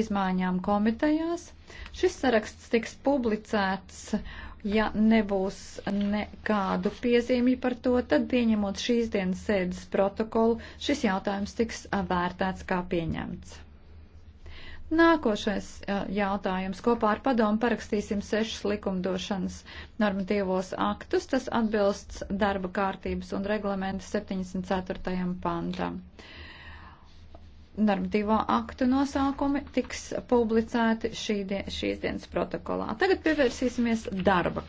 izmaiņām komitejās. Šis saraksts tiks publicēts, ja nebūs nekādu piezīmju par to, tad pieņemot šīs dienas sēdes protokolu, šis jautājums tiks vērtēts kā pieņemts. Nākošais jautājums. Kopā ar padomu parakstīsim sešas likumdošanas normatīvos aktus. Tas atbilsts darba kārtības un reglamenta 74. pantam normatīvo aktu nosākumi tiks publicēti šī dien, šīs dienas protokolā. Tagad pievērsīsimies darba